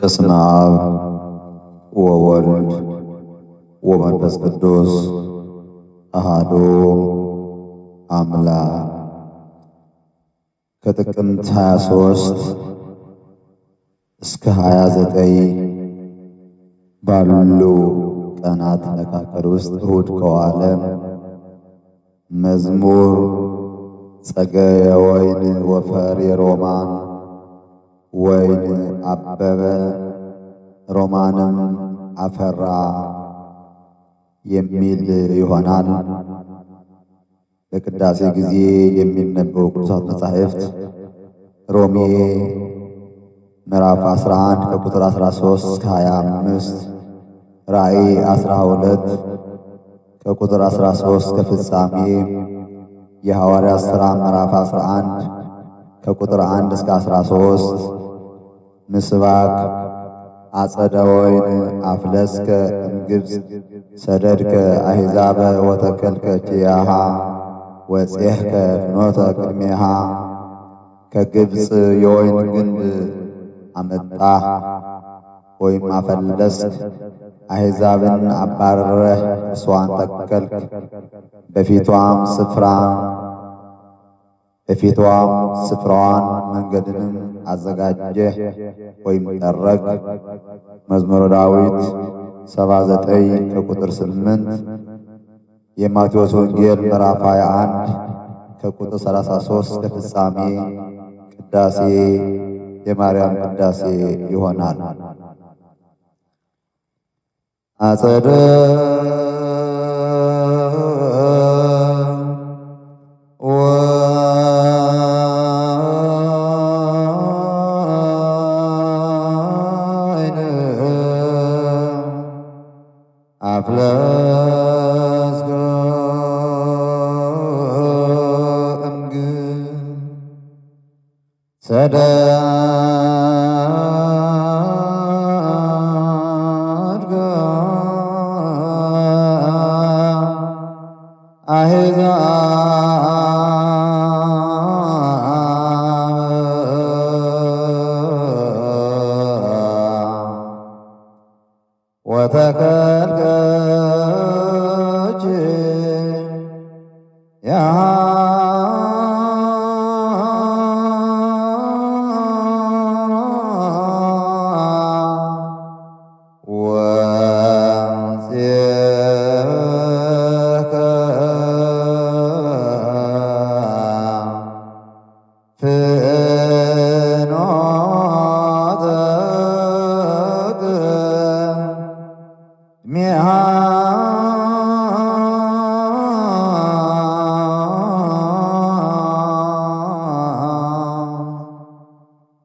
በስመ አብ ወወልድ ወመንፈስ ቅዱስ አሃዶ አምላክ። ከጥቅምት 23 እስከ 29 ባሉ ቀናት መካከል ውስጥ እሁድ ከዋለ መዝሙር ጸገ የወይን ወፈር የሮማን ወይን አበበ ሮማንም አፈራ የሚል ይሆናል። በቅዳሴ ጊዜ የሚነበቡ ቅዱሳት መጻሕፍት ሮሜ ምዕራፍ 11 ከቁጥር 13 እስከ 25፣ ራእይ 12 ከቁጥር 13 እስከ ፍጻሜ፣ የሐዋርያት ሥራ ምዕራፍ 11 ከቁጥር 1 እስከ 13 ምስባክ አጸደ ወይን አፍለስከ እምግብፅ ሰደድከ አሕዛበ ወተከልከ ችያሃ ወፄሕከ ፍኖተ ቅድሜሃ ከግብፅ የወይን ግንድ አመጣ ወይም አፈለስክ። አሕዛብን አባረረህ፣ እሷን ተከልክ፣ በፊቷም ስፍራን በፊቷም ስፍራዋን መንገድንም አዘጋጀ ወይም ጠረግ። መዝሙረ ዳዊት 79 ከቁጥር 8፣ የማቴዎስ ወንጌል ምዕራፍ 21 ከቁጥር 33 እስከ ፍጻሜ ቅዳሴ የማርያም ቅዳሴ ይሆናል። አጸደ وتكا Yeah.